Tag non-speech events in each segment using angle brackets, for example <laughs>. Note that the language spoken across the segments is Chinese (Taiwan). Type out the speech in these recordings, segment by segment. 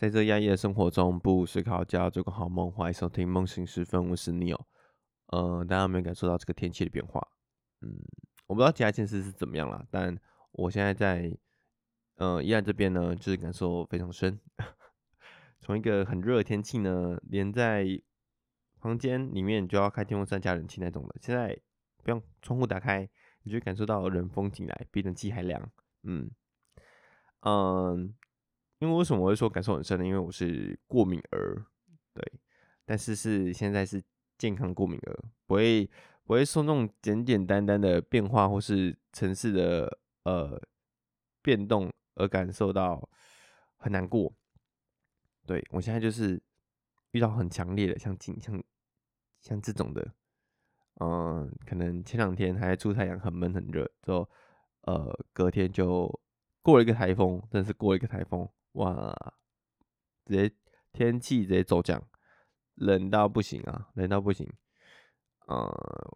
在這壓抑的生活中，不思考，就要做個好夢。歡迎收聽《夢醒時分》，我是 Neo。呃，大家有沒有感受到這個天氣的變化，嗯，我不知道其他縣市是怎麼樣了，但我現在在，呃，宜蘭這邊呢，就是感受非常深。從 <laughs> 一個很熱的天氣呢，連在房間裡面就要開電風扇、加冷氣那種的，現在不用窗戶打開，你就感受到冷風進來，比冷氣還涼。嗯嗯。因為為什麼我會說感受很深呢？因為我是過敏兒，對，但是是現在是健康過敏兒，不會不會說那種簡簡單單的變化或是城市的呃變動而感受到很難過。對，我現在就是遇到很強烈的，像像像這種的，嗯，可能前兩天還出太陽很悶很熱，之後呃隔天就。過了一個颱風，真是過了一個颱風，哇！直接天氣直接驟降，冷到不行啊，冷到不行。嗯，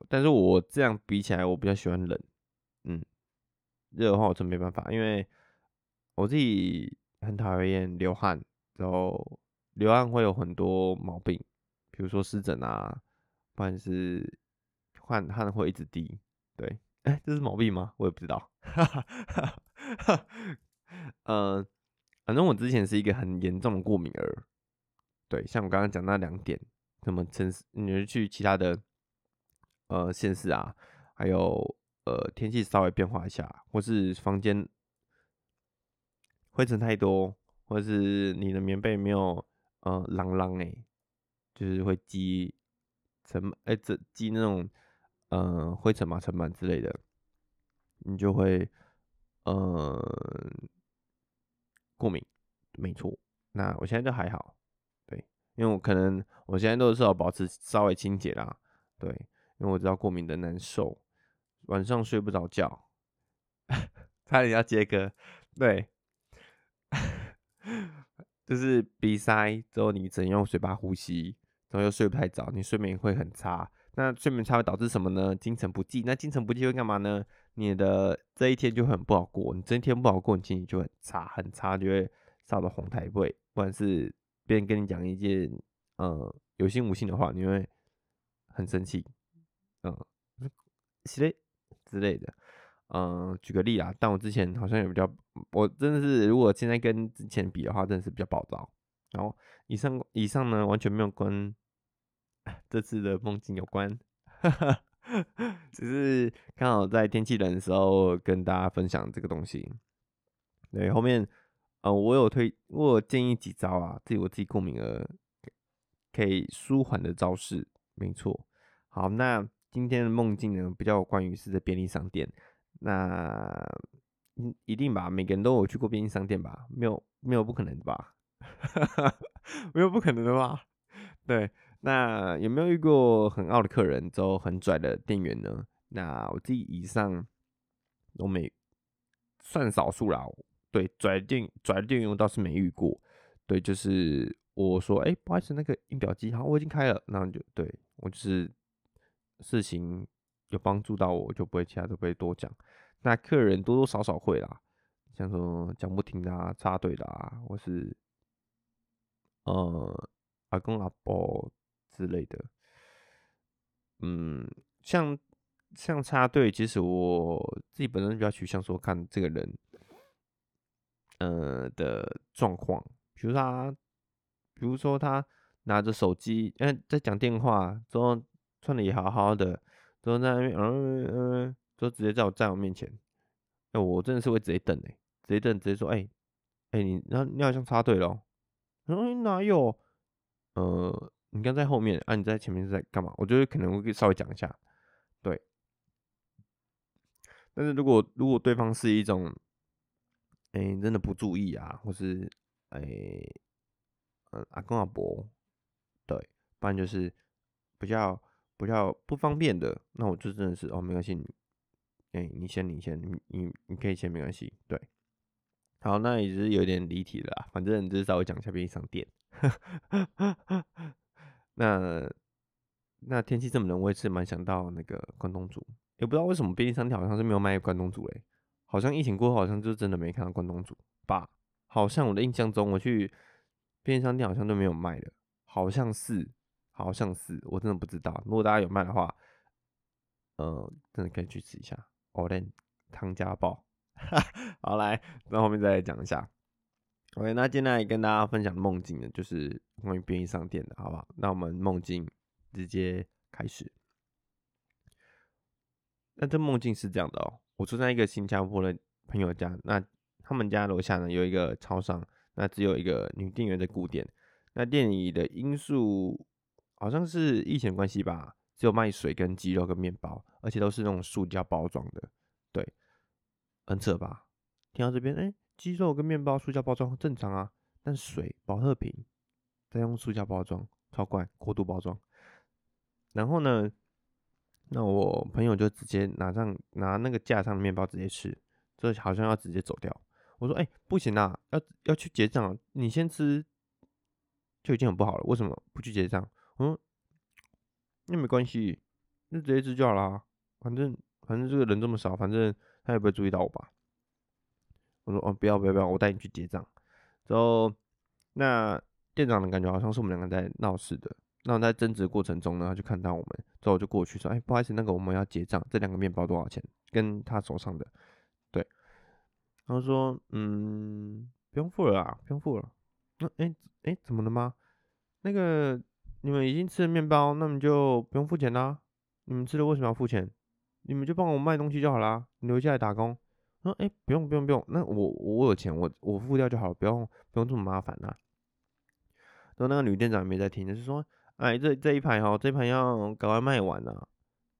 但是我這樣比起來，我比較喜歡冷，嗯。熱的話，我真沒辦法，因為我自己很討厭流汗，然後流汗會有很多毛病，比如說濕疹啊，或者是汗汗會一直滴。對，哎、欸，這是毛病嗎？我也不知道。哈哈哈。哈，嗯，反正我之前是一個很嚴重的過敏兒，對，像我剛剛講那兩點，什麼城市，你就去其他的，呃，縣市啊，還有呃，天氣稍微變化一下，或是房間灰塵太多，或是你的棉被沒有呃，啷啷誒，就是會積塵，誒、欸，這積那種呃灰塵嘛，塵蟎之類的，你就會。呃，過敏，沒錯。那我現在就還好，對，因為我可能我現在都是要保持稍微清潔啦，對，因為我知道過敏的難受，晚上睡不着覺， <laughs> 差點要傑哥，對， <laughs> 就是鼻塞之後你只能用嘴巴呼吸，然後又睡不太着，你睡眠會很差。那睡眠差會導致什麼呢？精神不濟，那精神不濟會幹嘛呢？你的這一天就很不好過，你這一天不好過，你心情就很差，很差就會上到紅台會，或者是別人跟你講一件嗯、呃、有心無心的話，你會很生氣，嗯、呃，是的。之類的，嗯、呃、舉個例啊，但我之前好像也比較，我真的是如果現在跟之前比的話，真的是比較暴躁。然後以上以上呢完全沒有跟這次的夢境有關。呵呵只是剛好在天氣冷的時候跟大家分享這個東西。對，後面，嗯、呃，我有推，我有建議幾招啊，自己我自己過敏的，可以舒緩的招式，沒錯。好，那今天的夢境呢，比較有關於是在便利商店。那，一定吧，每個人都有去過便利商店吧？沒有，沒有不可能的吧？ <laughs> 沒有不可能的吧？對。那有沒有遇過很傲的客人，之後很拽的店員呢？那我自己以上我沒算少數啦。對，拽的店拽的店員我倒是沒遇過。對，就是我說，哎、欸，不好意思，那個印表機，哈，我已經開了。然後就對我就是事情有幫助到我，我就不會其他都不會多講。那客人多多少少會啦，像說講不聽啊，插隊的啊，或是呃阿公阿婆。之類的，嗯，像像插隊，其實我自己本身比較傾向說看這個人，呃的狀況，比如他，比如說他拿着手機，嗯、呃，在講電話，說穿得好好的，說在那邊，嗯嗯，嗯直接在我在我面前，那、呃、我真的是會直接等、欸，的，直接等，直接說，哎、欸、哎、欸，你那你好像插隊了，嗯，哪有，呃。你剛在後面啊？你在前面是在幹嘛？我覺得可能會稍微講一下，對。但是如果如果對方是一種，哎、欸，真的不注意啊，或是哎，嗯、欸呃，阿公阿伯，對，不然就是比較比較不方便的，那我就真的是哦，沒關係，哎、欸，你先，你先，你你你可以先，沒關係，對。好，那也是有點離題了啦，反正你就是稍微講一下，便利商店。哈哈哈哈那那天氣這麼冷，我也是蠻想到那個關東煮，也、欸、不知道為什麼便利商店好像是沒有賣關東煮嘞、欸，好像疫情過後好像就真的沒看到關東煮吧？好像我的印象中我去便利商店好像都沒有賣的，好像是，好像是，我真的不知道。如果大家有賣的話，呃，真的可以去吃一下。哦，n 湯家寶，哈，家 <laughs> 好來，那後面再來講一下。OK，那今天來跟大家分享夢境的，就是關於便利商店的，好不好？那我們夢境直接開始。那這夢境是這樣的哦，我住在一個新加坡的朋友家，那他們家樓下呢，有一個超商，那只有一個女店員在顧店，那店裡的因素好像是疫情關係吧，只有賣水跟雞肉跟麵包，而且都是那種塑膠包裝的，對，很扯吧？聽到這邊，哎、欸。雞肉跟麵包，塑膠包裝正常啊，但水保特瓶，再用塑膠包裝，超怪，過度包裝。然後呢，那我朋友就直接拿上拿那個架上的麵包直接吃，這好像要直接走掉。我說：“哎、欸，不行啦，要要去結賬，你先吃就已經很不好了，為什麼不去結賬？”我說：“那沒關係，那直接吃就好啦，反正反正這個人這麼少，反正他也不會注意到我吧。”我說哦，不要不要不要，我帶你去結賬。之後，那店長的感覺好像是我們兩個在鬧事的。那在爭執過程中呢，他就看到我們，之後就過去說：“哎、欸，不好意思，那個我們要結賬，這兩個麵包多少錢？”跟他手上的，對。他說：“嗯，不用付了啊，不用付了。那、嗯，哎、欸，哎、欸，怎麼了嗎？那個你們已經吃了麵包，那你們就不用付錢啦。你們吃了為什麼要付錢？你們就幫我賣東西就好啦，你留下來打工。”說、哦、哎、欸，不用不用不用，那我我有錢，我我付掉就好了，不用不用這麼麻煩啦、啊。然後那個女店長也沒在聽，就是說，哎，這一這一排好，這一排要趕快賣完了、啊、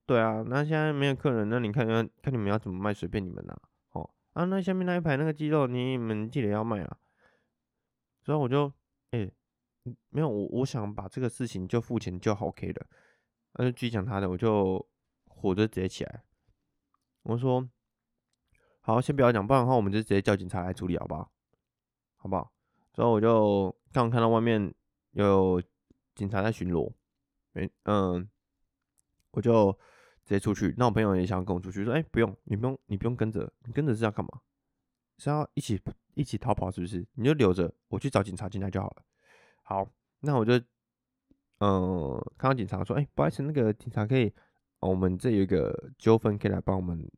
對啊，那現在沒有客人，那你看看你們要怎麼賣，隨便你們啦、啊。哦，啊，那下面那一排那個雞肉，你們記得要賣啊。所以我就哎、欸，沒有我我想把這個事情就付錢就好 K 了。那、啊、就繼續講他的，我就火就直接起來，我說。好，先不要講，不然的話我們就直接叫警察來處理，好不好？好不好？所以我就剛剛看到外面有警察在巡邏，哎、欸，嗯，我就直接出去。那我朋友也想跟我出去，說：“哎、欸，不用，你不用，你不用跟着，你跟着是要幹嘛？是要一起一起逃跑，是不是？你就留着，我去找警察進來就好了。”好，那我就嗯，看到警察說：“哎、欸，不好意思，那個警察可以，嗯、我們這有一個糾紛，可以來幫我們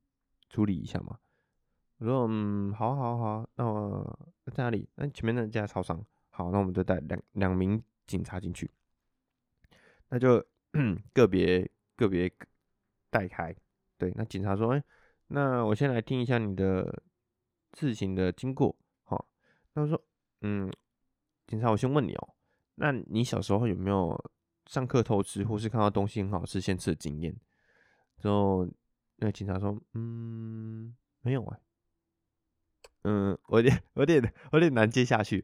處理一下嗎？”我說嗯，好、啊，好、啊，好、啊，那我在哪裡？那、欸、前面那家超商。好，那我們就帶兩兩名警察進去。那就個別個別帶開。對，那警察說，哎、欸，那我先來聽一下你的事情的經過。好，他說，嗯，警察，我先問你哦、喔，那你小時候有沒有上課偷吃，或是看到東西很好吃先吃的經驗？之後，那警察說，嗯，沒有啊。嗯，我有點，我有點，我有點難接下去。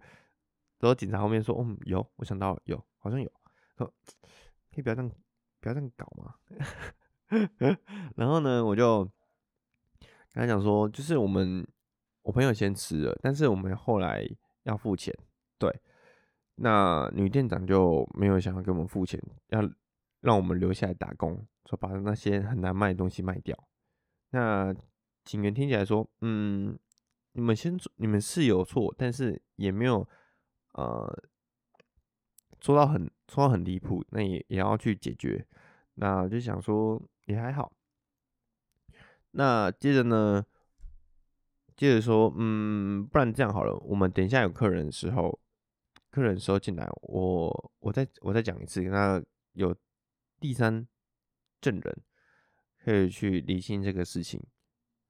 然後警察後面說：“嗯、哦，有，我想到有，好像有、啊。說可以不要這樣，不要這樣搞嘛。 <laughs> ”然後呢，我就跟他講說：“就是我們，我朋友先吃了，但是我們後來要付錢。對，那女店長就沒有想要給我們付錢，要讓我們留下來打工，說把那些很難賣的東西賣掉。”那警員聽起來說：“嗯。”你們先做，你們是有錯，但是也沒有，呃，做到很做到很離譜，那也也要去解決。那我就想說也還好。那接着呢，接着說，嗯，不然這樣好了，我們等一下有客人的時候，客人的時候進來，我我再我再講一次，那有第三證人可以去理清這個事情，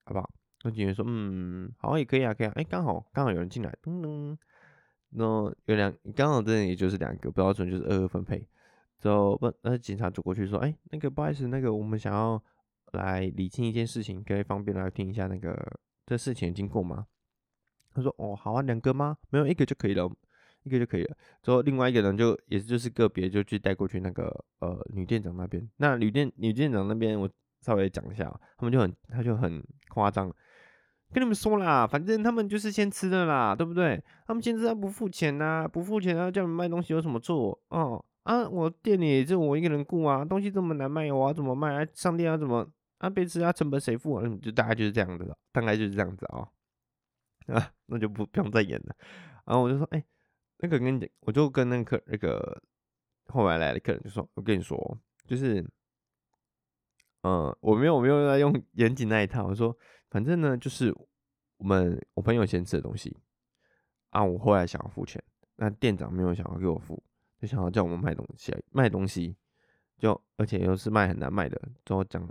好不好？那警員說：“嗯，好，也可以啊，可以啊。哎、欸，剛好剛好有人進來，噔噔。那有兩剛好這也就是兩個，標準就是二二分配。之後那呃，警察走過去說：‘哎、欸，那個不好意思，那個我們想要來理清一件事情，可以方便來聽一下那個這事情的經過嗎？’他說：‘哦，好啊，兩個嗎？沒有一個就可以了，一個就可以了。’之後另外一個人就也就是個別就去帶過去那個呃女店長那邊。那女店女店長那邊，我稍微講一下，他們就很他就很誇張。”跟你們說啦，反正他們就是先吃的啦，對不對？他們先吃，他不付錢吶、啊，不付錢，然後叫你賣東西有什麼錯？哦啊，我店裡就我一個人顧啊，東西這麼難賣，我要怎麼賣啊？商店要怎麼啊？被吃啊，成本誰付、啊？嗯，就大概就是這樣子了，大概就是這樣子啊、哦、啊，那就不不用再演了。然後我就說，哎、欸，那個跟我就跟那個那個後來來的客人就說，我跟你說，就是嗯，我沒有我沒有在用，用嚴謹那一套，我說。反正呢，就是我們我朋友先吃的東西啊，我後來想要付錢，那店長沒有想要給我付，就想要叫我們賣東西賣東西，就而且又是賣很難賣的，就講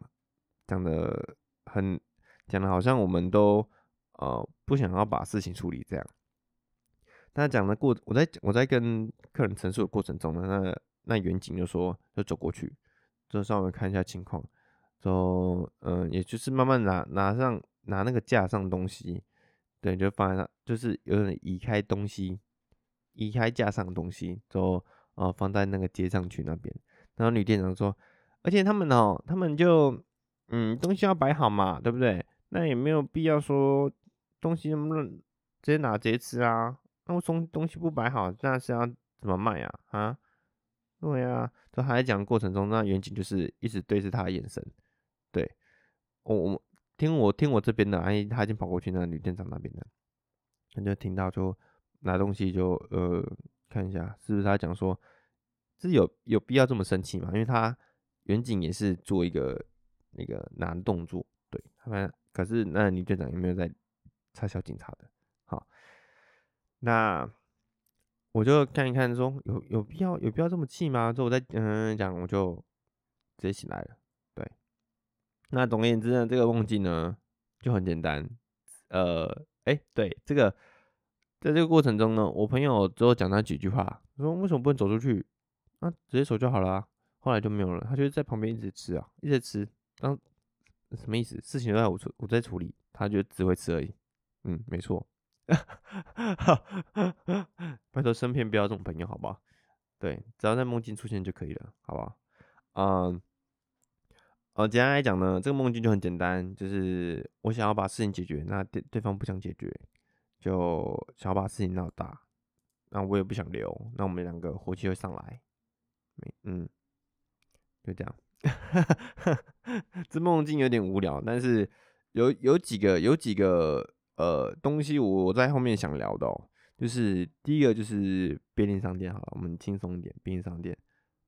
講的很，講的好像我們都呃不想要把事情處理這樣。但講的過我在我在跟客人陳述的過程中呢，那那遠景就說就走過去，就稍微看一下情況，就嗯、呃，也就是慢慢拿拿上。拿那個架上的東西，對，就放在那，就是有點移開東西，移開架上的東西，就呃放在那個街上去那邊。然後女店長說，而且他們哦、喔，他們就嗯東西要擺好嘛，對不對？那也沒有必要說東西能不能直接拿直接吃啊？那我東東西不擺好，那是要怎麼賣呀、啊？啊？對呀、啊，就他在講過程中，那遠景就是一直對着他的眼神，對、哦、我我。聽我聽我這邊的，阿姨她已經跑過去那女店長那邊了，他就聽到就拿東西就呃看一下是不是她講說，這有有必要這麼生氣嗎？因為她遠景也是做一個那個男動作，對，他們，可是那女店長有沒有在插小警察的？好，那我就看一看說有有必要有必要這麼氣嗎？之後我再嗯講，我就直接起來了。那總而言之呢，這個夢境呢就很簡單，呃，哎、欸，對，這個在這個過程中呢，我朋友只有講他幾句話，說為什麼不能走出去，那、啊、直接走就好了。後來就沒有了，他就在旁邊一直吃啊，一直吃。那、啊、什麼意思？事情都在我處，我在處理，他就只會吃而已。嗯，沒錯。 <laughs> 拜託，身邊不要這種朋友，好吧？對，只要在夢境出現就可以了，好吧？嗯、呃。呃、哦，簡單來講呢，這個夢境就很簡單，就是我想要把事情解決，那對對方不想解決，就想要把事情鬧大，那我也不想留，那我們兩個火氣會上來，嗯，就這樣。哈哈哈，這夢境有點無聊，但是有有幾個有幾個呃東西，我在後面想聊的，哦，就是第一個就是便利商店，好了，我們輕鬆一點，便利商店，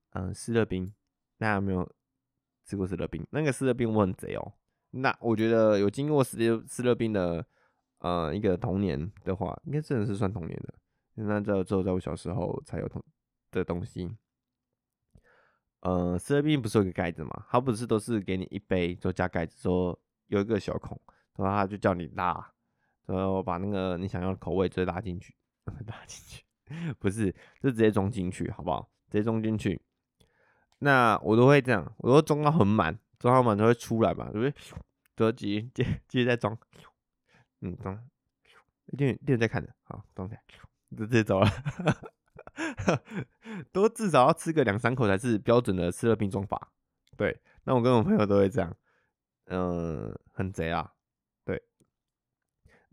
嗯、呃，思樂冰，大家有沒有？吃過思樂冰，那個思樂冰我很賊哦、喔。那我覺得有經過思樂思樂冰的，呃，一個童年的話，應該真的是算童年的。那在之後，在我小時候才有的、這個、東西。呃，思樂冰不是有個蓋子嘛？它不是都是給你一杯，就加蓋子，說有一個小孔，然後它就叫你拉，然後把那個你想要的口味直接拉進去，呵呵拉進去， <laughs> 不是，就直接裝進去，好不好？直接裝進去。那我都會這樣，我都裝到很滿，裝到滿都會出來嘛，對不對，就是着急，接接着再裝，嗯，裝，店店在看着，好，裝一下，就直接走了，都至少要吃個兩三口才是標準的吃了冰裝法，對，那我跟我朋友都會這樣，嗯、呃，很賊啊。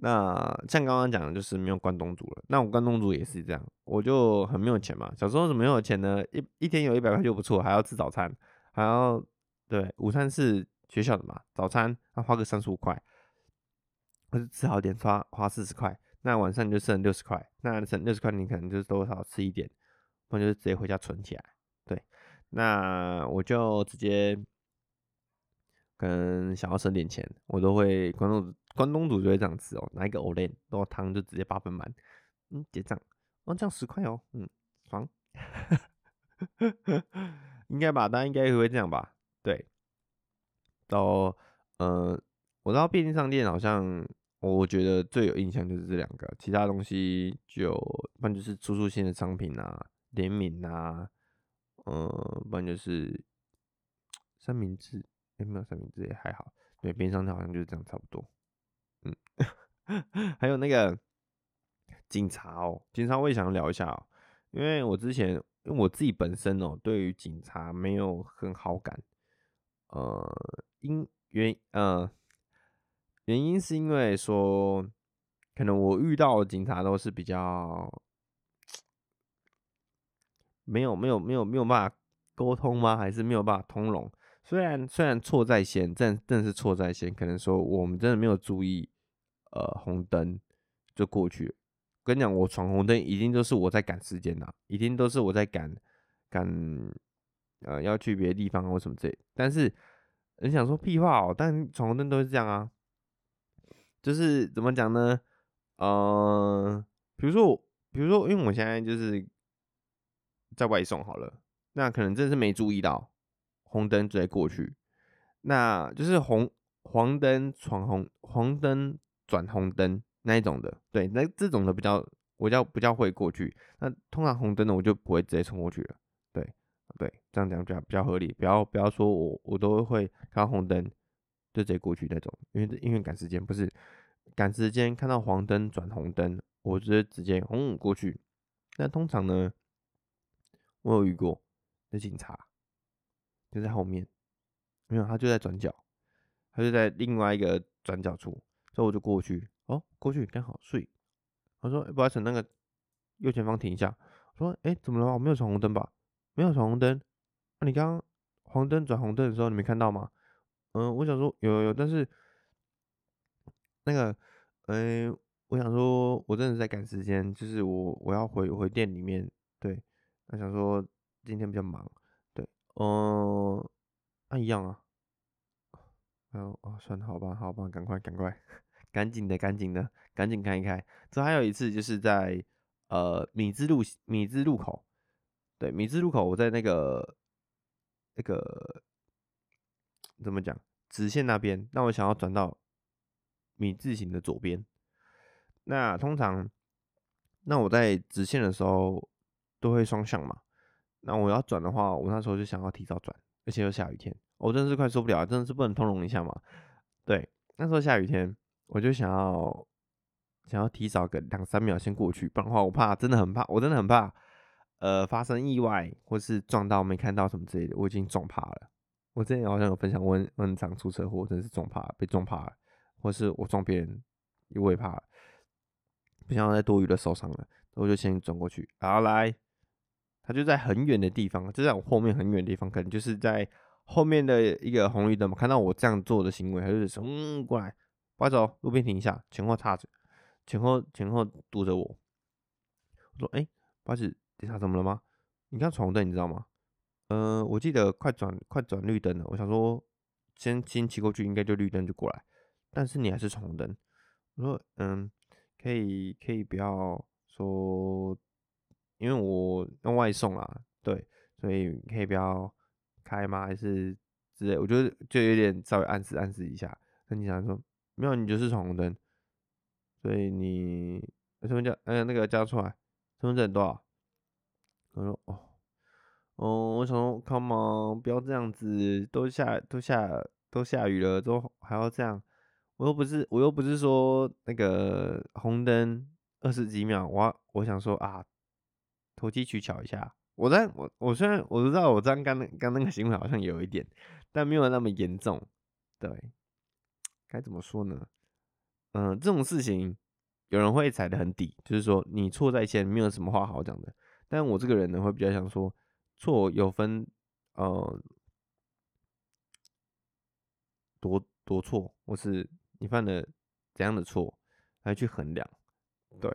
那像剛剛講的，就是沒有關東煮了。那我關東煮也是這樣，我就很沒有錢嘛。小時候怎麼沒有錢呢？一一天有一百塊就不錯，還要吃早餐，還要對午餐是學校的嘛，早餐要、啊、花個三十五塊，或者吃好點花花四十塊。那晚上就剩六十塊，那剩六十塊你可能就是多少吃一點，我就直接回家存起來。對，那我就直接。跟想要省點錢，我都會關東關東煮就會這樣吃哦，拿一個黑輪，然後湯就直接八分滿，嗯，結賬。哦，這樣十塊哦，嗯，爽， <laughs> 應該吧，大家應該也會這樣吧，對，到，呃，我到便利商店，好像我覺得最有印象就是這兩個，其他東西就反正就是出售新的商品啊，聯名啊，呃，不然就是三明治。欸、沒有上面這也還好，對邊上那好像就是這樣，差不多。嗯， <laughs> 還有那個警察哦，警察我也想聊一下，哦，因為我之前，因為我自己本身哦，對於警察沒有很好感，呃，因原因呃，原因是因為說，可能我遇到的警察都是比較沒有沒有沒有沒有，沒有辦法溝通嗎？還是沒有辦法通融？雖然雖然錯在先，真真是錯在先，可能說我們真的沒有注意，呃，紅燈就過去。我跟你講，我闖紅燈一定都是我在趕時間啦，一定都是我在趕趕，呃，要去別的地方或什麼之類，但是很想說屁話哦，但闖紅燈都是這樣啊，就是怎麼講呢？呃，比如說我，比如說因為我現在就是在外送好了，那可能真是沒注意到。紅燈直接過去，那就是紅黃燈闖紅黃燈轉紅燈那一種的，對，那這種的比較我叫比，比較會過去。那通常紅燈呢，我就不會直接衝過去了，對對，這樣講比較比較合理，不要不要說我我都會看到紅燈就直接過去那種，因為因為趕時間不是趕時間，看到黃燈轉紅燈，我就直接直接轟過去。那通常呢，我有遇過的警察。就在後面，沒有他就在轉角，他就在另外一個轉角處，之後我就過去，哦，過去剛好睡。我說、欸、不好意思，那個右前方停一下。我說哎、欸，怎麼了？我沒有闖紅燈吧？沒有闖紅燈。那、啊、你剛剛黃燈轉紅燈的時候，你沒看到嗎？嗯，我想說有有有，但是那個，嗯、欸，我想說我真的是在趕時間，就是我我要回我回店裡面。對，我想說今天比較忙。哦、嗯啊，一樣啊，嗯，哦，算了，好吧，好吧，趕快，趕快，趕緊的，趕緊的，趕緊看一看，這還有一次，就是在呃米字路米字路口，對，米字路口，我在那個那個怎麼講，直線那邊，那我想要轉到米字形的左邊。那通常，那我在直線的時候都會雙向嘛。那我要轉的話，我那時候就想要提早轉，而且又下雨天，我、哦、真的是快受不了，啊，真的是不能通融一下嘛？對，那時候下雨天，我就想要想要提早個兩三秒先過去，不然的話我怕，真的很怕，我真的很怕，呃，發生意外或是撞到沒看到什麼之類的，我已經撞怕了。我之前好像有分享過很很常出車禍，真的是撞怕，被撞怕了，或是我撞別人，因為怕了，不想要再多餘的受傷了，所以我就先轉過去。好，來。他就在很遠的地方，就在我後面很遠的地方，可能就是在後面的一個紅綠燈嘛，看到我這樣做的行為，他就直衝：“嗯，過來，把走、哦，路邊停一下，前後插着，前後前後堵着我。”我說：“誒、欸，把士警察怎麼了嗎？你看闖紅燈，你知道嗎？”嗯、呃，我記得快轉快轉綠燈了，我想說先先騎過去，應該就綠燈就過來，但是你還是闖紅燈。我說：“嗯，可以可以，不要說。”因為我用外送啊，對，所以可以不要開嗎？還是之類？我就就有點稍微暗示暗示一下。那警察說：沒有，你就是闖紅燈。所以你身份證，嗯，那個交出來，身份證多少？我說：哦，嗯，我想說，Come on，不要這樣子，都下都下都下雨了，都還要這樣。我又不是我又不是說那個紅燈二十幾秒，我我想說啊。投機取巧一下，我在我我雖然我知道我這樣剛剛那個行為好像有一點，但沒有那麼嚴重。對，該怎麼說呢？嗯、呃，這種事情有人會踩得很低，就是說你錯在先，沒有什麼話好講的。但我這個人呢，會比較想說錯有分呃多多錯，或是你犯了怎樣的錯來去衡量，對。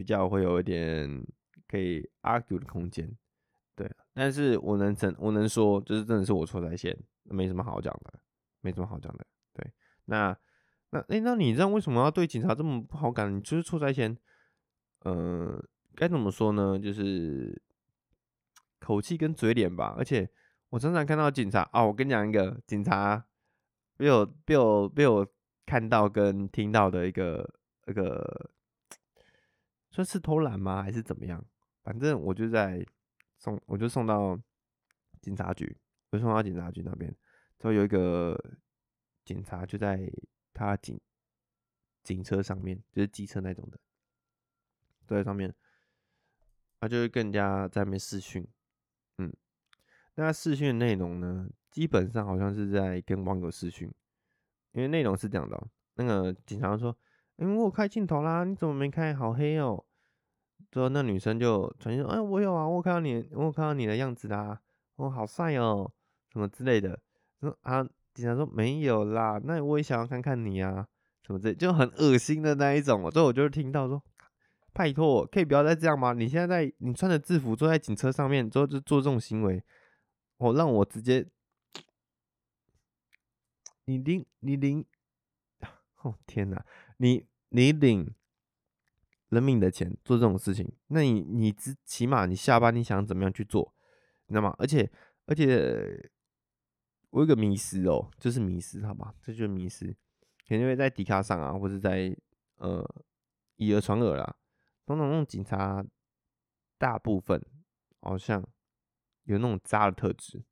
比較會有一點可以 argue 的空間，對，但是我能整，我能說，就是真的是我錯在先，沒什麼好講的，沒什麼好講的，對，那那、欸、那你知道為什麼要對警察這麼不好感？你就是錯在先，呃，該怎麼說呢？就是口氣跟嘴臉吧，而且我常常看到警察啊，我跟你講一個警察被我被我被我看到跟聽到的一個一個。說是偷懶嗎，還是怎麼樣？反正我就在送，我就送到警察局，我就送到警察局那邊。之後有一個警察就在他警警車上面，就是機車那種的，坐在上面，他就會跟人家在那邊視訊。嗯，那視訊的內容呢，基本上好像是在跟網友視訊，因為內容是這樣的、喔，那個警察說。因為我有開鏡頭啦！你怎麼沒開？好黑哦。之後那女生就傳訊說：“哎，我有啊，我有看到你，我有看到你的樣子啦，我好帥哦，什麼之類的。”說啊，警察說沒有啦。那我也想要看看你啊，什麼之類的，就很惡心的那一種。所以我就聽到說：“拜托，可以不要再這樣嗎？你現在在你穿着制服坐在警車上面，之後就做這種行為，我讓我直接你零你零哦天吶，你！”你領人民的錢做這種事情，那你你只起碼你下班你想怎麼樣去做，你知道嗎？而且而且我有個迷思哦，就是迷思，好吧，這就是迷思，肯定會在迪卡上啊，或者在呃以訛傳訛啦。通常那種警察大部分好像有那種渣的特質，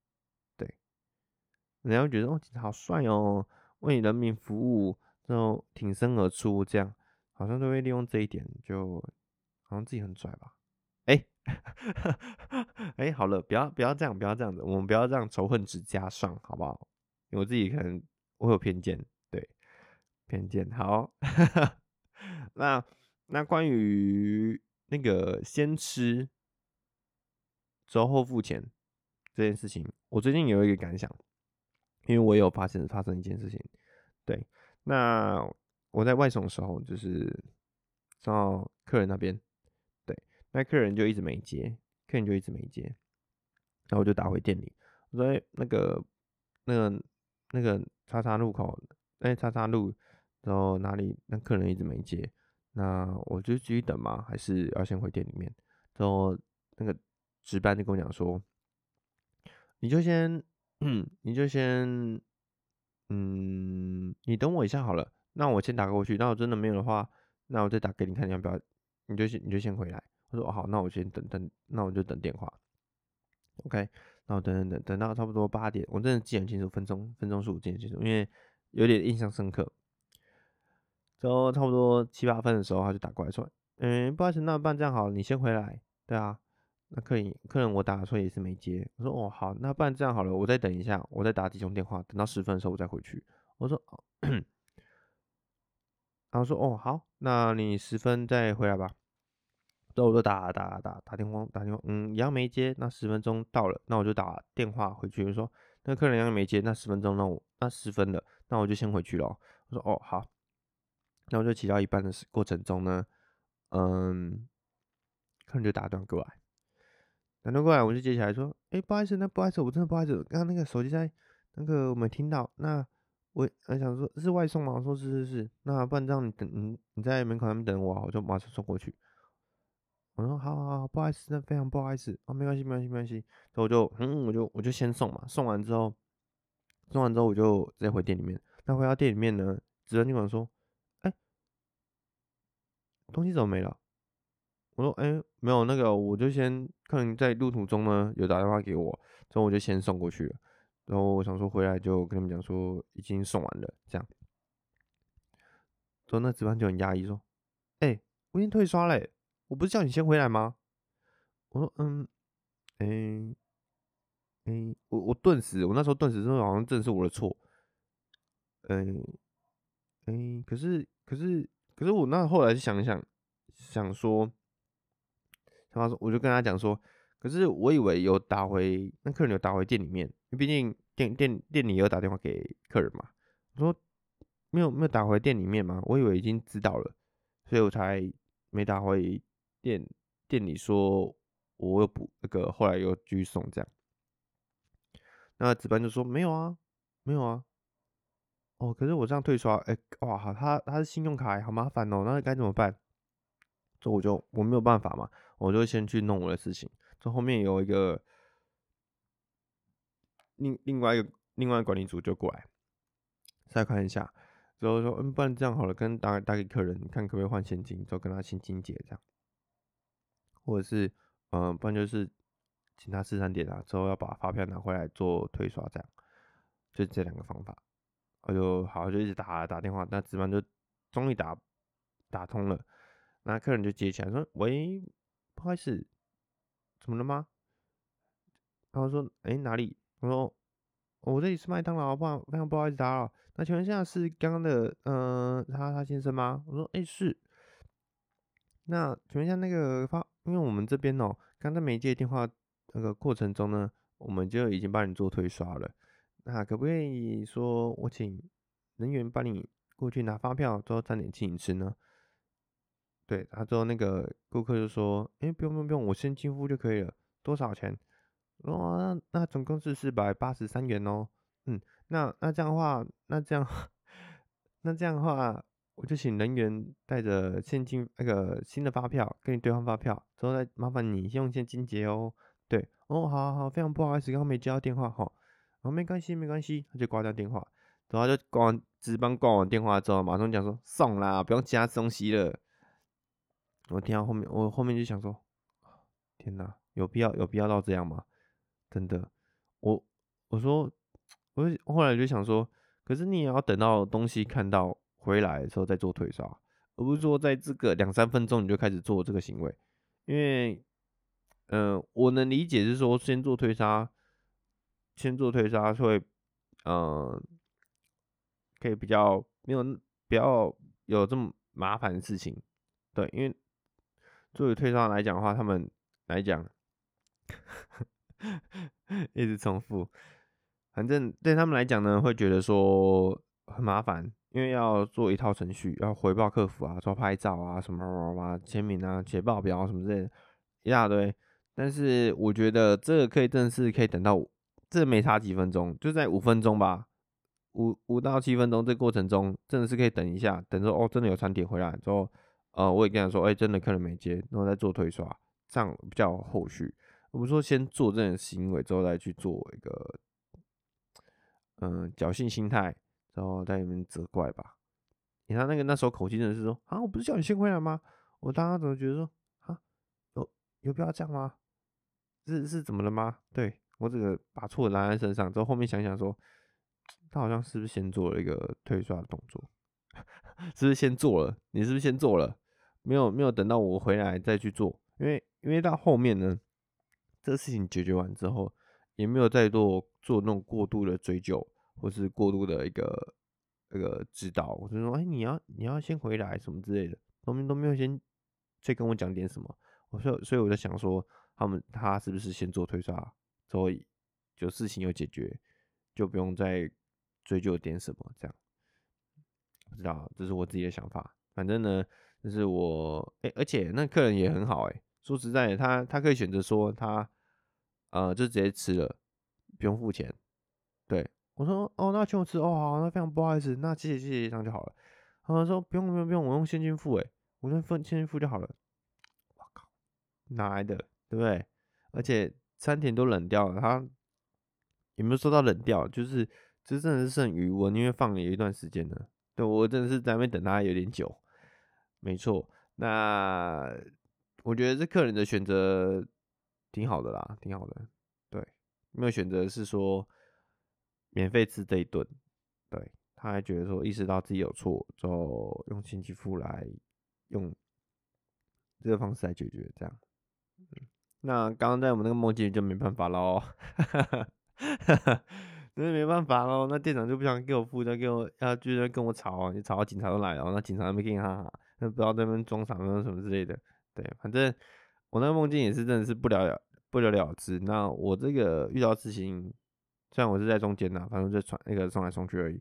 對，人家會覺得哦，警察好帥哦，為人民服務。就挺身而出，這樣好像都會利用這一點，就好像自己很拽吧。哎、欸，哎、 <laughs> 欸，好了，不要不要這樣，不要這樣子，我們不要這樣仇恨值加上，好不好？因為我自己可能我有偏見，對，偏見。好， <laughs> 那那關於那個先吃，之後付錢這件事情，我最近有一個感想，因為我有發現發生一件事情，對。那我在外送的時候，就是送到客人那邊，對，那客人就一直沒接，客人就一直沒接，然後我就打回店裡，我說那個、那個、那個叉叉路口、欸，那叉叉路，然後哪裡，那客人一直沒接，那我就繼續等嘛，還是要先回店裡面？然後那個值班的就跟我講說，你就先，你就先。嗯，你等我一下好了，那我先打過去。那我真的沒有的話，那我再打給你看，你要不要？你就先，你就先回來。我說、哦、好，那我先等等，那我就等電話。OK，那我等等等等到差不多八點，我真的記很清楚分鐘分鐘數記得清楚，因為有點印象深刻。之後差不多七八分的時候，他就打過來說：“嗯，不好意思，那怎麼辦，這樣好了，你先回來。”對啊。那客人客人，我打的時候也是沒接。我說，哦好，那不然這樣好了，我再等一下，我再打幾通電話，等到十分的時候我再回去。我說哦，然後說哦好，那你十分再回來吧。然後我就打打打打電話打電話，嗯，一樣沒接。那十分鐘到了，那我就打電話回去。我說那客人一樣沒接，那十分鐘那我那十分了，那我就先回去了。我說哦好，那我就騎到一半的時過程中呢，嗯，客人就打電話過來，打電話過來，我就接起來說：“哎、欸，不好意思，那不好意思，我真的不好意思。剛剛那個手機在那個我沒聽到。那我我想說，是外送嗎？我說是是是。那不然這樣你，你等你你在門口那邊等我、啊，我就馬上送過去。”我說：“好好好，不好意思，那非常不好意思。啊，沒關係，沒關係，沒關係。那我就嗯，我就我就先送嘛。送完之後，送完之後我就直接回店裡面。那回到店裡面呢，值班主管說：‘哎、欸，東西怎麼沒了？’”我說：“哎、欸，沒有那個，我就先看在路途中呢，有打電話給我，所以我就先送過去了。然後我想說回來就跟他們講說已經送完了這樣。說那值班就很壓抑，說：哎、欸，我已經退刷了，我不是叫你先回來嗎？我說：嗯，哎、欸，哎、欸，我我頓時，我那時候頓時說好像正是我的錯。嗯、欸，哎、欸，可是可是可是我那後來想一想，想說。”他媽說，我就跟他講說，可是我以為有打回那客人有打回店裡面，因為畢竟店店店裡有打電話給客人嘛。我說沒有沒有打回店裡面嘛，我以為已經知道了，所以我才沒打回店店裡說我又補那個，後來又繼續送這樣。那值班就說沒有啊，沒有啊，哦，可是我這樣退刷，哎、欸、哇，他他是信用卡好麻煩哦、喔，那該怎麼辦？這我就我沒有辦法嘛。我就先去弄我的事情，這後面有一個另另外一個另外一個管理組就過來再看一下，之後說，嗯，不然這樣好了，跟打打給客人看可不可以換現金，之後跟他先清結這樣，或者是嗯，不然就是請他四三點啊，之後要把發票拿回來做退刷這樣，就這兩個方法，我就好好就一直打打電話，那值班就終於打打通了，那客人就接起來說，喂。不好意思，怎麼了嗎？然後說，哎、欸，哪裡？我說，哦、我這裡是麥當勞，不好，非常不好意思打擾。那請問一下，是剛剛的，嗯、呃，他他先生嗎？我說，哎、欸，是。那請問一下，那個發，因為我們這邊哦、喔，剛才沒接電話那個過程中呢，我們就已經幫你做推刷了。那可不可以說，我請人員幫你過去拿發票，多賺點請你吃呢？對他說那個顧客就說：“哎，不用不用不用，我現金付就可以了。多少錢？哦，那，那總共是四百八十三元哦。嗯，那那這樣的話，那這樣，那這樣的話，我就請人員帶着現金那個新的發票給你兌換發票，之後再麻煩你先用現金結哦。對，哦好，好，好，非常不好意思，剛剛沒接到電話哈。啊、哦，沒關係，沒關係，就掛掉電話。然後就掛值班掛完電話之後，馬上講說送啦，不用加他東西了。”我聽到後面，我後面就想說，天吶，有必要有必要到這樣嗎？真的，我我說我後來就想說，可是你也要等到東西看到回來的時候再做退刷，而不是說在這個兩三分鐘你就開始做這個行為，因為，嗯、呃，我能理解是說先做退刷，先做退刷就會，嗯、呃，可以比較沒有比較有這麼麻煩的事情，對，因為。對於推銷來講的話，他們來講 <laughs> 一直重複，反正對他們來講呢，會覺得說很麻煩，因為要做一套程序，要回報客服啊，說拍照啊，什麼什，啊，麼簽名啊，寫報表什麼這一大堆。但是我覺得這個可以，真的是可以等到，這個，沒差幾分鐘，就在五分鐘吧，五五到七分鐘這個過程中，真的是可以等一下，等說哦，真的有餐點回來之後。呃，我也跟他說，哎、欸，真的客人沒接，然後再做退刷，這樣比較有後續。我們說先做這種行為之後再去做一個嗯、呃、僥倖心態，然後在裡面責怪吧。你看那個那時候口氣真的是說啊，我不是叫你先回來嗎？我當時怎麼覺得說啊，有有必要這樣嗎？是是怎麼了嗎？對我這個把錯攬在身上，之後後面想想說，他好像是不是先做了一個退刷的動作？是不是先做了？你是不是先做了？沒有沒有等到我回來再去做因，因為因為到後面呢，這個事情解決完之後，也沒有再做做那種過度的追究，或是過度的一個那個指導。我就說，哎、欸，你要你要先回來什麼之類的，他們都沒有先去跟我講點什麼。我說，所以我在想說，他們他是不是先做推刷，所以就事情有解決，就不用再追究點什麼這樣。知道，這是我自己的想法。反正呢，就是我哎、欸，而且那客人也很好哎、欸。說實在，他他可以選擇說他呃，就直接吃了，不用付錢。對我說哦，那請我吃哦好，那非常不好意思，那謝謝謝謝這樣就好了。他、嗯、說不用不用不用，我用現金付哎、欸，我用分現金付就好了。我靠，哪來的對不對？而且餐廳都冷掉了，他有沒有說到冷掉？就是這、就是、真的是剩餘我因為放了一段時間了。對，我真的是在那邊等他有點久，沒錯。那我覺得這客人的選擇挺好的啦，挺好的。對，沒有選擇是說免費吃這一頓。對，他還覺得說意識到自己有錯，就用錢去付來，用這個方式來解決這樣。那剛剛在我們那個夢境就沒辦法嘍、哦。 <laughs> 那沒辦法咯，那店長就不想給我付，要給我，他居然跟我吵啊！吵到警察都來了、哦，那警察還沒給你哈，那不知道在那邊裝傻什麼什麼之類的。對，反正我那個夢境也是真的是不了了不，不了了之。那我這個遇到事情，雖然我是在中間啦，反正就傳那個送來送去而已。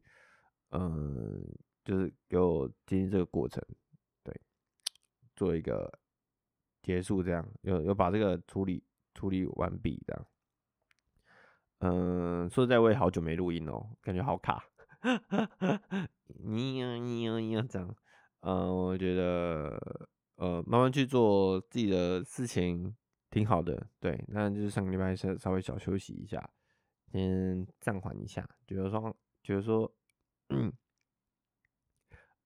嗯、呃，就是給我經歷這個過程，對，做一個結束這樣，有有把這個處理處理完畢這樣。嗯，說實在，我也好久沒錄音哦，感覺好卡。哈哈哈，你呀、你呀、你呀這樣，嗯，我覺得，呃、嗯，慢慢去做自己的事情挺好的。對，那就是上個禮拜稍稍微小休息一下，先暫緩一下。比如說，就是說，嗯，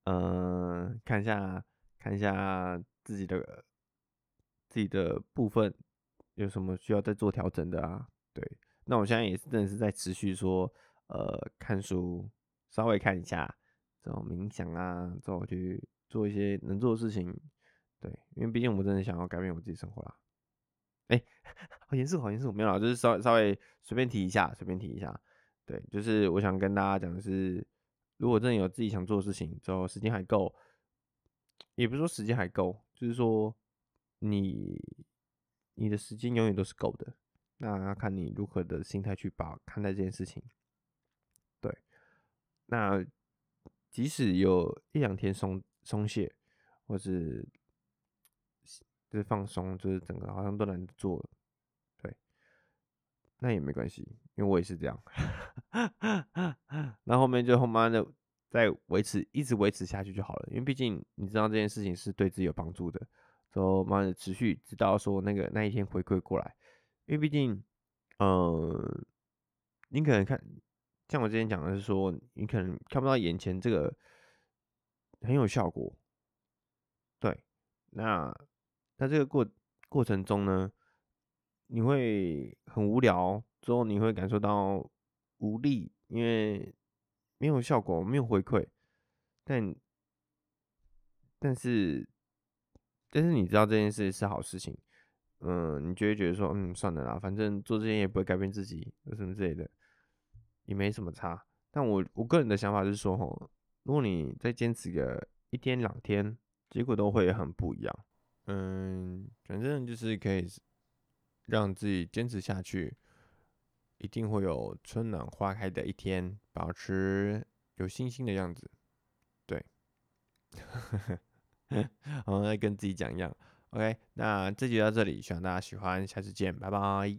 呃，看一下，看一下自己的自己的部分有什麼需要再做調整的啊？對。那我現在也是，真的是在持續說，呃，看書，稍微看一下，這種冥想啊，做去做一些能做的事情，對，因為畢竟我真的想要改變我自己生活啦、啊。哎、欸，好嚴肅，好嚴肅，沒有啦，就是稍稍微隨便提一下，隨便提一下，對，就是我想跟大家講的是，如果真的有自己想做的事情，之後時間還夠，也不是說時間還夠，就是說你你的時間永遠都是夠的。那要看你如何的心態去把看待這件事情，對。那即使有一兩天鬆鬆懈，或是就是放鬆，就是整個好像都能做，對。那也沒關係，因為我也是這樣。那 <laughs> 後，後面就慢慢的再維持，一直維持下去就好了。因為畢竟你知道這件事情是對自己有幫助的，就慢慢的持續，直到說那個那一天回歸過來。因為畢竟，呃，你可能看，像我之前講的是說，你可能看不到眼前這個很有效果，對，那在這個過過程中呢，你會很無聊，之後你會感受到無力，因為沒有效果，沒有回饋，但但是但是你知道這件事是好事情。嗯，你就會覺得說，嗯，算了啦，反正做這些也不會改變自己，什麼之類的，也沒什麼差。但我我個人的想法就是說，吼，如果你再堅持個一天兩天，結果都會很不一樣。嗯，反正就是可以讓自己堅持下去，一定會有春暖花開的一天。保持有信心的樣子，對，呵呵呵，好像在跟自己講一樣。OK，那這集到這裡，希望大家喜歡，下次見，拜拜。